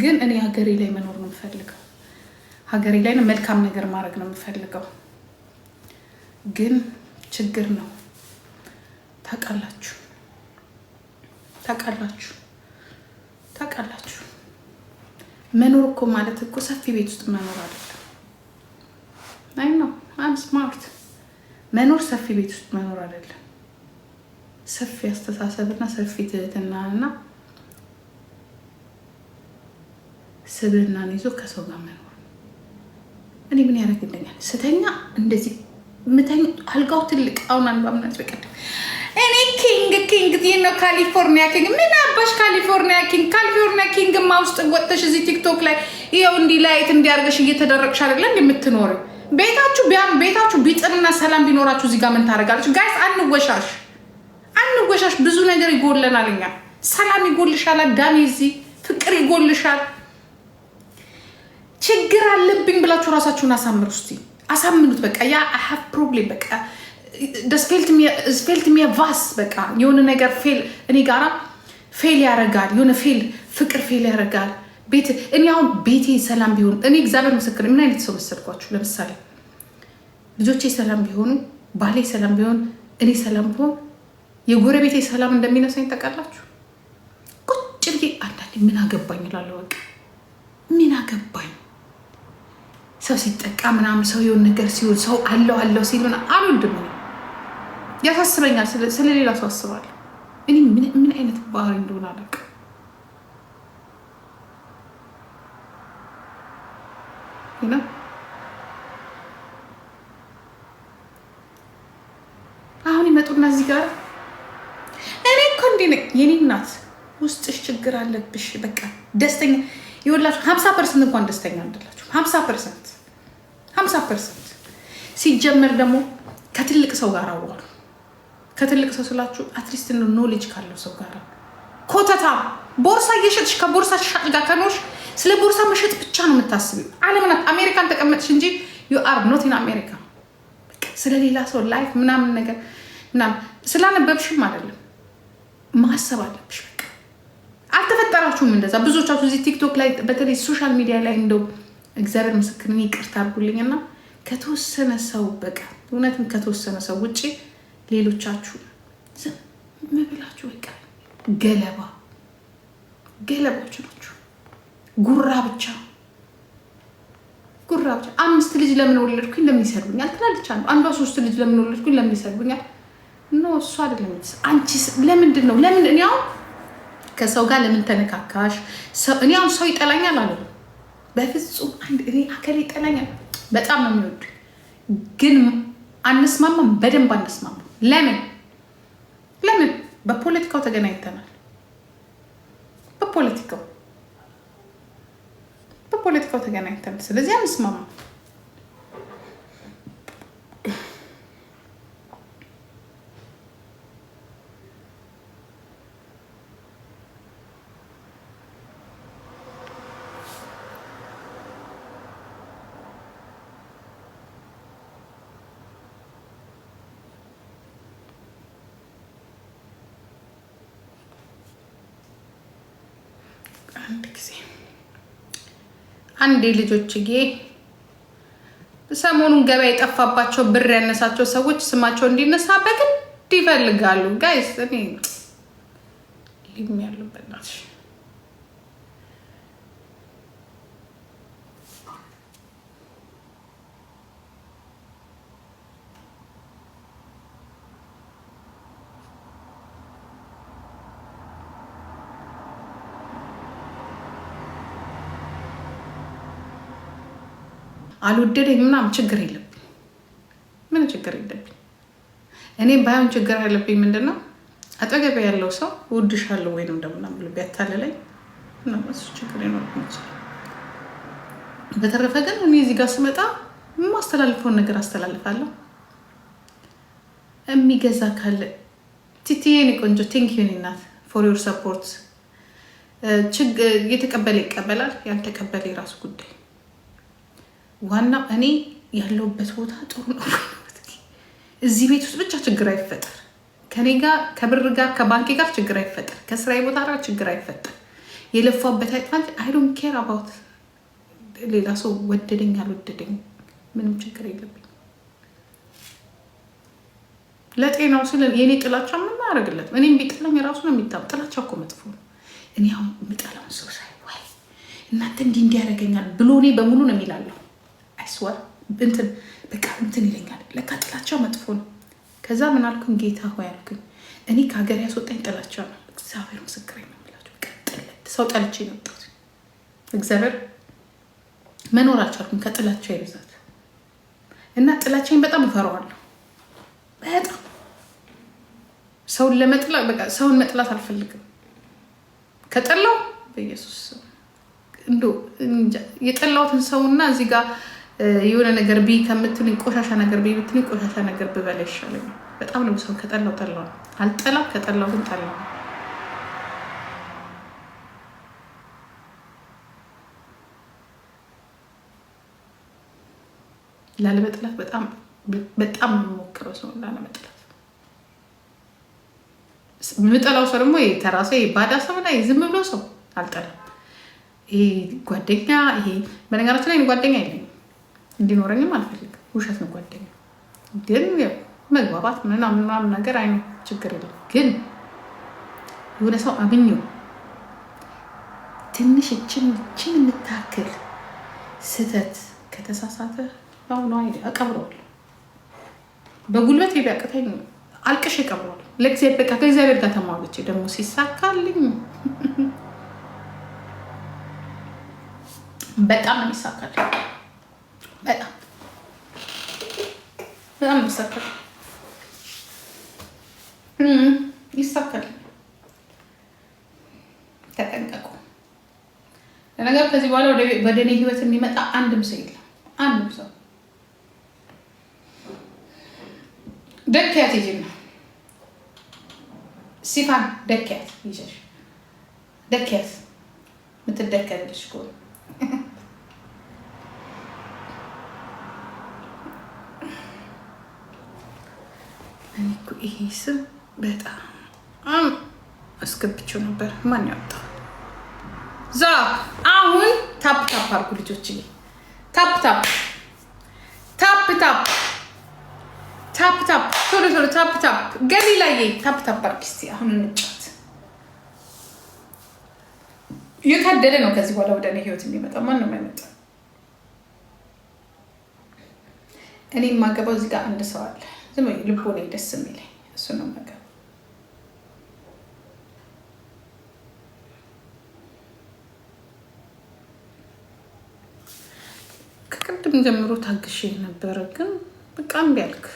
ግን እኔ ሀገሬ ላይ መኖር ነው የምፈልገው። ሀገሬ ላይ መልካም ነገር ማድረግ ነው የምፈልገው። ግን ችግር ነው ታውቃላችሁ፣ ታውቃላችሁ፣ ታውቃላችሁ። መኖር እኮ ማለት እኮ ሰፊ ቤት ውስጥ መኖር አይደለም። አይ ነው አም ስማርት መኖር ሰፊ ቤት ውስጥ መኖር አይደለም። ሰፊ አስተሳሰብና ሰፊ ትህትና እና ስብዕናን ይዞ ከሰው ጋር መኖር። እኔ ምን ያደርግልኛል? ስተኛ እንደዚህ ምተኝ አልጋው ትልቅ አሁን አንባምናት በቀደም እኔ ኪንግ ኪንግ ይህ ነው ካሊፎርኒያ ኪንግ ምን አባሽ ካሊፎርኒያ ኪንግ ካሊፎርኒያ ኪንግ ማ ውስጥ ወጥተሽ እዚህ ቲክቶክ ላይ ይኸው እንዲህ ላይት እንዲያርገሽ እየተደረግሽ አይደለም የምትኖር ቤታችሁ ቢያም ቤታችሁ ቢጥንና ሰላም ቢኖራችሁ እዚህ ጋር ምን ታደርጋለች? ጋይስ አንወሻሽ፣ አንወሻሽ። ብዙ ነገር ይጎለናል እኛ። ሰላም ይጎልሻል፣ አዳሜ እዚህ ፍቅር ይጎልሻል። ችግር አለብኝ ብላችሁ ራሳችሁን አሳምኑ እስቲ አሳምኑት። በቃ ያ ሀብ ፕሮብሌም በቃ ስፌልት ቫስ በቃ የሆነ ነገር ፌል እኔ ጋራ ፌል ያደርጋል። የሆነ ፌል ፍቅር ፌል ያደርጋል። ቤት እኔ አሁን ቤቴ ሰላም ቢሆኑ እኔ እግዚአብሔር ምስክር ምን አይነት ሰው መሰልኳችሁ? ለምሳሌ ልጆቼ ሰላም ቢሆኑ፣ ባሌ ሰላም ቢሆን፣ እኔ ሰላም ቢሆን የጎረቤቴ ሰላም እንደሚነሳኝ ታውቃላችሁ። ቁጭ ብዬ አንዳንዴ ምን አገባኝ እላለሁ። በቃ ምን አገባኝ ሰው ሲጠቃ ምናምን ሰው የሆን ነገር ሲሆን ሰው አለው አለው ሲል አልወልድም። ያሳስበኛል፣ ስለሌላ ሰው አስባለሁ። እኔ ምን አይነት ባህሪ እንደሆነ አላውቅም። አሁን ይመጡና እዚህ ጋር እኔ እኮ እንዴ የኔ እናት ውስጥሽ ችግር አለብሽ። በቃ ደስተኛ ይወላችሁ። ሀምሳ ፐርሰንት እንኳን ደስተኛ አይደላችሁም። ሀምሳ ፐርሰንት ሀምሳ ፐርሰንት ሲጀመር ደግሞ ከትልቅ ሰው ጋር አዋሉ። ከትልቅ ሰው ስላችሁ አትሊስት ኖሌጅ ካለው ሰው ጋር ኮተታ ቦርሳ እየሸጥሽ ከቦርሳ ሻጭ ጋር ከኖሽ ስለ ቦርሳ መሸጥ ብቻ ነው የምታስብ። አለምናት አሜሪካን ተቀመጥሽ እንጂ ዩ አር ኖት ኢን አሜሪካ። ስለሌላ ሰው ላይፍ ምናምን ነገር ምናምን ስላነበብሽም አይደለም ማሰብ አለብሽ። በቃ አልተፈጠራችሁም እንደዛ ብዙዎቻችሁ እዚህ ቲክቶክ ላይ በተለይ ሶሻል ሚዲያ ላይ እንደው እግዚአብሔር ምስክርን ይቅርታ አድርጉልኝና ከተወሰነ ሰው በቃ እውነትም ከተወሰነ ሰው ውጭ ሌሎቻችሁ ዝም ብላችሁ በቃ ገለባ ገለባዎች ናችሁ። ጉራ ብቻ ጉራ ብቻ። አምስት ልጅ ለምን ወለድኩኝ ለምን ይሰድቡኛል ትላለች። አንዱ አንዷ ሶስት ልጅ ለምን ወለድኩኝ ለምን ይሰድቡኛል? ኖ እሱ አይደለም። አንቺ ለምንድን ነው ለምን እኔ አሁን ከሰው ጋር ለምን ተነካካሽ? እኔ አሁን ሰው ይጠላኛል አለ በፍጹም አንድ እኔ አከሌ ይጠላኛል። በጣም ነው የሚወዱ ግን አንስማማም፣ በደንብ አንስማማም። ለምን ለምን? በፖለቲካው ተገናኝተናል። በፖለቲካው በፖለቲካው ተገናኝተናል። ስለዚህ አንስማማም። አንድ ጊዜ አንዴ ልጆችዬ ሰሞኑን ገበያ የጠፋባቸው ብር ያነሳቸው ሰዎች ስማቸው እንዲነሳ በግድ ይፈልጋሉ ጋይስ አልወደደኝ ምናምን ችግር የለብኝ፣ ምን ችግር የለብኝ። እኔም ባይሆን ችግር አለብኝ ምንድን ነው ያለው ሰው ውድሻለሁ ወይም እንደምና ብሎ ቢያታልለኝ እሱ ችግር ይኖርብኝ ይችላል። በተረፈ ግን እኔ እዚህ ጋር ስመጣ የማስተላልፈውን ነገር አስተላልፋለሁ። የሚገዛ ካለ ቲቲዬን ቆንጆ ቴንክ ዩ ናት ፎር ዮር ሰፖርት። የተቀበለ ይቀበላል፣ ያልተቀበለ የራሱ ጉዳይ ዋና እኔ ያለውበት ቦታ ጥሩ ነው። እዚህ ቤት ውስጥ ብቻ ችግር አይፈጠር። ከኔ ጋር ከብር ጋር ከባንኬ ጋር ችግር አይፈጠር። ከስራዬ ቦታ ጋር ችግር አይፈጠር። የለፋበት አይጥፋት። አይ ዶንት ኬር አባውት ሌላ ሰው ወደደኝ አልወደደኝ ምንም ችግር የለብኝ። ለጤናው ስለ የኔ ጥላቻ ምን አያደርግለትም። እኔም ቢጥለኝ ራሱ ነው የሚታ ጥላቻ እኮ መጥፎ ነው። እኔ አሁን የምጠላውን ሰው ሳይ ዋይ እናንተ እንዲህ እንዲያደርገኛል ብሎ እኔ በሙሉ ነው የሚላለሁ አስወር እንትን በቃ እንትን ይለኛል። ለካ ጥላቻ መጥፎ ነው። ከዛ ምን አልኩኝ? ጌታ ሆይ አልኩኝ እኔ ከሀገር ያስወጣኝ ጥላቻ ነው። እግዚአብሔር ምስክር ነው ቀጥለት ሰው ጠልቼ የመጣሁት እግዚአብሔር መኖር አልቻልኩም ከጥላቻ ይብዛት እና ጥላቻኝ በጣም እፈራዋለሁ። በጣም ሰውን ለመጥላ በቃ ሰውን መጥላት አልፈልግም። ከጠላው በኢየሱስ እንዶ የጠላሁትን ሰውና እዚህ ጋር የሆነ ነገር ብይ ከምትል ቆሻሻ ነገር ብይ ብትሉኝ ቆሻሻ ነገር ብበላ ይሻለኝ። በጣም ነው ሰው ከጠላው ጠላው አልጠላ ከጠላው ግን ጠላው። ላለመጥላት በጣም በጣም የምሞክረው ሰው ላለመጥላት የምጠላው ሰው ደግሞ ተራ ሰው ባዳ ሰው ላይ ዝም ብሎ ሰው አልጠላም። ይሄ ጓደኛ ይሄ በነገራችን ላይ ጓደኛ የለም እንዲኖረኝም አልፈልግ። ውሸት ነው ጓደኛ ግን መግባባት ምናምን ምናምን ነገር አይ ችግር የለም። ግን የሆነ ሰው አምኜው ትንሽ እችን እችን የምታክል ስህተት ከተሳሳተ ሁኑ ነው እቀብረዋለሁ። በጉልበት ቢያቅተኝ አልቅሽ እቀብረዋለሁ። ለእግዚአብሔር በቃ ከእግዚአብሔር ጋር ተሟግቼ ደግሞ ሲሳካልኝ በጣም ነው ይሳካልኝ። በጣም በጣም ይሳካል፣ ይሳካል። ተጠንቀቁ። ለነገር ከዚህ በኋላ ወደ እኔ ህይወት የሚመጣ አንድም ሰው የለም። አንድም ሰው ደክያት ይጅና ሲፋን ደክያት ይሸሽ ደክያት የምትደከልልሽ ከሆነ እኮ ይሄ ስም በጣም አስገብቼው ነበር። ማን ያወጣው? ዛ አሁን ታፕ ታፕ አርጉ ልጆች፣ ታፕ ታፕ ታፕ ታፕ ታፕ ታፕ ቶሎ ቶሎ ታፕ ታፕ ገሊላዬ ታፕ ታፕ አርጊ እስኪ። አሁን እንጫት እየታደለ ነው። ከዚህ በኋላ ወደ እኔ ህይወት የሚመጣ ማንም አይመጣ። እኔ የማገባው እዚህ ጋር አንድ ሰው አለ ዝም ልቦና ደስ የሚለኝ እሱ ነው መገብ ከቅድም ጀምሮ ታግሼ ነበረ፣ ግን በቃ እምቢ አልክ።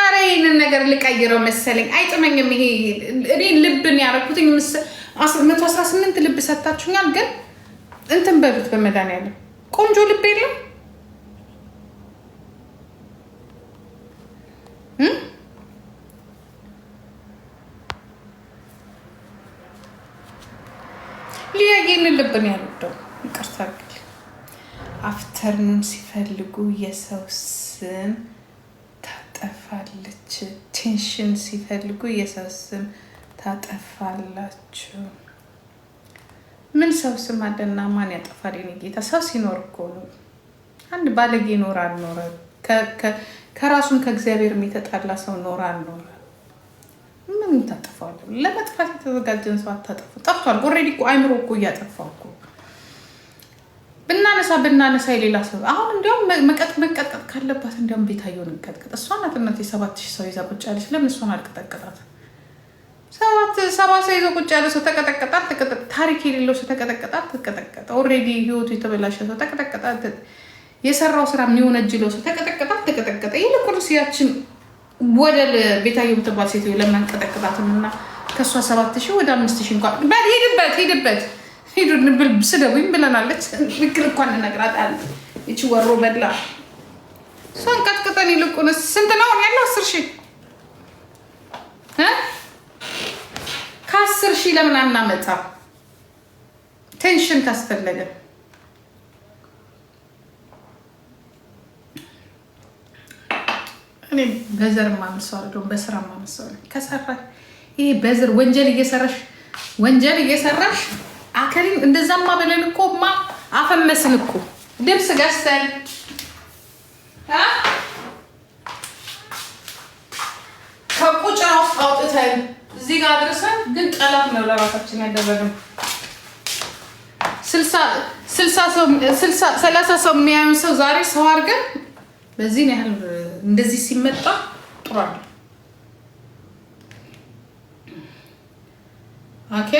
አረ ይህንን ነገር ልቀይረው መሰለኝ አይጥመኝም። ይሄ እኔ ልብን ያደረኩትኝ መቶ አስራ ስምንት ልብ ሰታችሁኛል፣ ግን እንትን በሉት በመድኃኒዓለም ቆንጆ ልብ የለም። ሊያጌን ልብን ያልወደው ይቅርታ አፍተርኑን ሲፈልጉ የሰው ስም ታጠፋለች። ቴንሽን ሲፈልጉ የሰው ስም ታጠፋላችሁ። ምን ሰው ስም አለና ማን ያጠፋል? የእኔ ጌታ ሰው ሲኖር እኮ ነው። አንድ ባለጌ ኖር አልኖረ ከራሱን ከእግዚአብሔር የተጣላ ሰው ኖር አልኖረ ምን ታጠፋዋለ? ለመጥፋት የተዘጋጀን ሰው አታጠፉ። ጠፍቷል። ኦልሬዲ እኮ አይምሮ እኮ እያጠፋው እኮ ብናነሳ ብናነሳ የሌላ ሰው አሁን እንዲያውም መቀጥ መቀጥቀጥ ካለባት እንዲያውም ቤታየውን እንቀጥቀጥ። እሷ ናት እናት የሰባት ሺህ ሰው ይዛ ቁጭ ያለች። ለምን እሷን አልቀጠቀጣት? ሰባት ሰባሳ ይዞ ቁጭ ያለ ሰው ተቀጠቀጠ አልተቀጠቀጠ፣ ታሪክ የሌለው ሰው ተቀጠቀጠ አልተቀጠቀጠ፣ ኦልሬዲ ህይወቱ የተበላሸ ሰው ተቀጠቀጠ፣ የሰራው ስራ የሚወነጅለው ሰው ተቀጠቀጠ አልተቀጠቀጠ። ይልቁንስ ያችን ወደል ቤታዬ የምትባል ሴትዮ ለምን አንቀጠቅጣትም? እና ከእሷ ሰባት ሺህ ወደ አምስት ሺህ እንኳን በል ሄድበት ሄድበት ስደቡኝ ብለናለች። ምክር እንኳን እነግራታለሁ። ይቺ ወሮ በላ እሷን ቀጥቅጠን ይልቁንስ ስንት ነው ያለው አስር ሺህ አስር ሺህ ለምን አናመጣ? ቴንሽን ካስፈለገ እኔ በዘር ማምሰዋል ደግሞ በስራ ማምሰዋል ከሰራ ይህ በዘር ወንጀል እየሰራሽ ወንጀል እየሰራሽ አከሪም እንደዛማ በለን እኮ ማ አፈመስን እኮ ድምፅ ገዝተን ከቁጫ ውስጥ አውጥተን እዚህ ጋር አድርሰን ግን ጠላት ነው ለራሳችን ያደረግነው። ሰላሳ ሰው የሚያዩን ሰው ዛሬ ሰው አድርገን በዚህን ያህል እንደዚህ ሲመጣ ጥሩ አለ። ኦኬ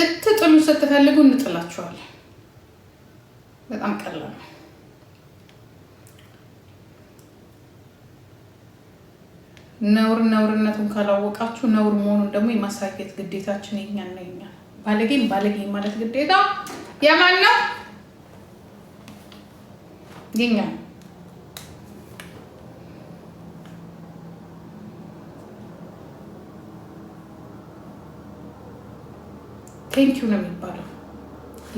ልትጥሉ ስትፈልጉ እንጥላችኋለን። በጣም ቀላል ነው። ነውር ነውርነቱን ካላወቃችሁ ነውር መሆኑን ደግሞ የማሳየት ግዴታችን የኛ ነው። የኛ ባለጌም ባለጌ ማለት ግዴታ የማን ነው? የኛ ቴንኪው ነው የሚባለው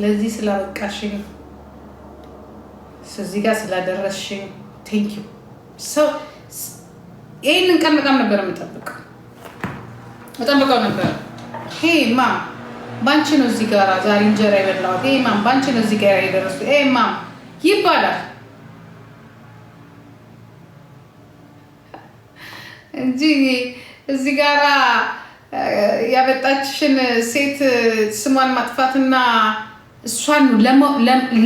ለዚህ ስላበቃሽኝ እዚህ ጋር ስላደረስሽኝ ቴንኪው ሰው ይህንን ቀን በጣም ነበር የምጠብቀው እጠብቀው ነበር። ሄ ማ ባንቺ ነው እዚህ ጋር ዛሬ እንጀራ የበላሁት፣ ይሄ ማም ባንቺ ነው እዚህ ጋር የደረሱ። ይሄ ማም ይባላል እንጂ እዚህ ጋራ ያበጣችሽን ሴት ስሟን ማጥፋትና እሷን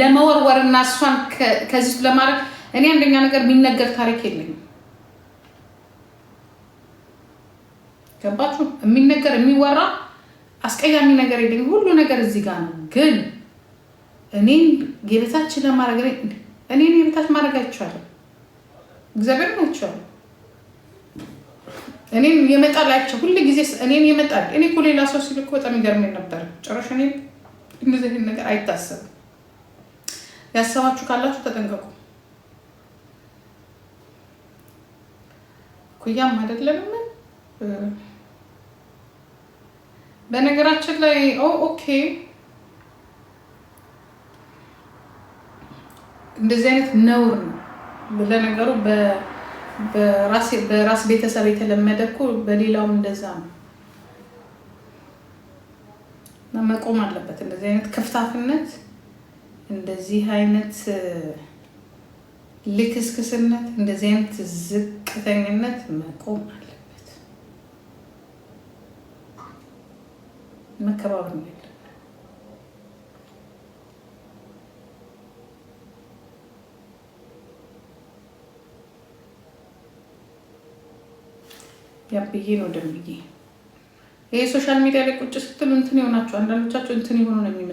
ለመወርወርና እሷን ከዚህ ለማድረግ እኔ አንደኛ ነገር የሚነገር ታሪክ የለኝም። ገባችሁ? የሚነገር የሚወራ አስቀያሚ ነገር የለኝም። ሁሉ ነገር እዚህ ጋር ነው። ግን እኔን የበታችን ለማድረግ እኔን የበታች ማድረግ አይቻልም። እግዚአብሔር አይቻልም። እኔን የመጣላቸው ሁሉ ጊዜ እኔን የመጣል እኔ እኮ ሌላ ሰው ሲልኮ እኮ በጣም ይገርመኝ ነበር። ጭራሽ እኔ እንደዚህ ነገር አይታሰብም። ያሰባችሁ ካላችሁ ተጠንቀቁ። ኩያም አይደለምን በነገራችን ላይ ኦኬ እንደዚህ አይነት ነውር ነው። ለነገሩ በራስ ቤተሰብ የተለመደ እኮ በሌላውም እንደዛ ነው መቆም አለበት። እንደዚህ አይነት ክፍታፍነት፣ እንደዚህ አይነት ልክስክስነት፣ እንደዚህ አይነት ዝቅተኝነት መቆም አለበት። መከባበር ነው ያለን። ያብዬ ነው ደምዬ። ይሄ ሶሻል ሚዲያ ላይ ቁጭ ስትሉ እንትን የሆናችሁ አንዳንዶቻችሁ እንትን የሆኑ ነው የሚመስለው